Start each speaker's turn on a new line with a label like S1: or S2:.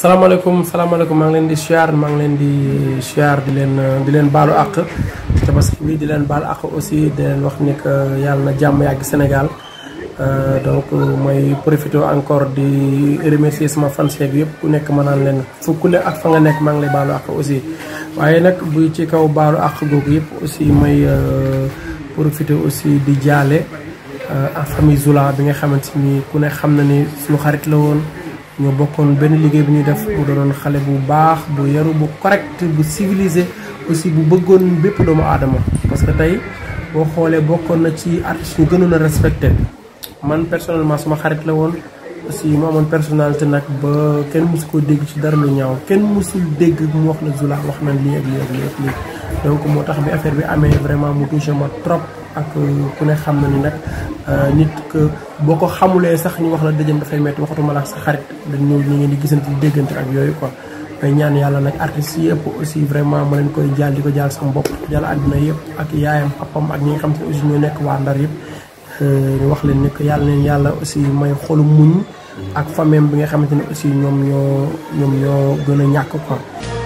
S1: salaamaaleykum salaamaaleykum maa ngi leen di siyaar maa ngi leen di siyaar di leen di leen baalu àq tabaski bi di leen baalu àq aussi di leen wax ni que yàlla na jàmm yàgg Sénégal euh, donc mooy profité encore di remercier sama fanseeg yëpp ku nekk ma naan leen fu ne ak fa nga nekk maa ngi lay baalu àq aussi waaye nag bu ci kaw baalu àq googu yëpp aussi may euh, profité aussi di jaale en euh, famille Zoula bi nga xamante ni ku ne xam na ni suñu xarit la woon ñu bokkoon benn liggéey bi ñuy def mu doonoon xale bu baax bu yaru bu correct bu civilisé aussi bu bëggoon bépp doomu aadama parce que tey boo xoolee bokkoon na ci artiste ñu gënoon a respecté man personnellement suma xarit la woon aussi mu amoon personnalité nag ba kenn mosu koo dégg ci dara lu ñaaw kenn mosul dégg mu wax la Zula wax na lii ak lii ak lii ak lii donc moo tax bi affaire bi amee vraiment mu touché ma trop ak euh, ku ne xam na ni nag euh, nit que boo ko xamulee sax ñu wax la dëjëm dafay metti waxatuma la sa xarit dañ ñëw ñu ngeen di gisante déggante ak yooyu quoi may ñaan yàlla nag artistes yëpp aussi vraiment ma leen koy jaal di ko jaal sama bopp jaal àddina yëpp ak yaayam papam ak ñi nga xam te aussi ñoo nekk waa ndar yëpp euh, ñu wax leen ni que yàlla leen yàlla aussi may xolu muñ ak famem bi nga xamante ne aussi ñoom ñoo ñoom ñoo gën a ñàkk quoi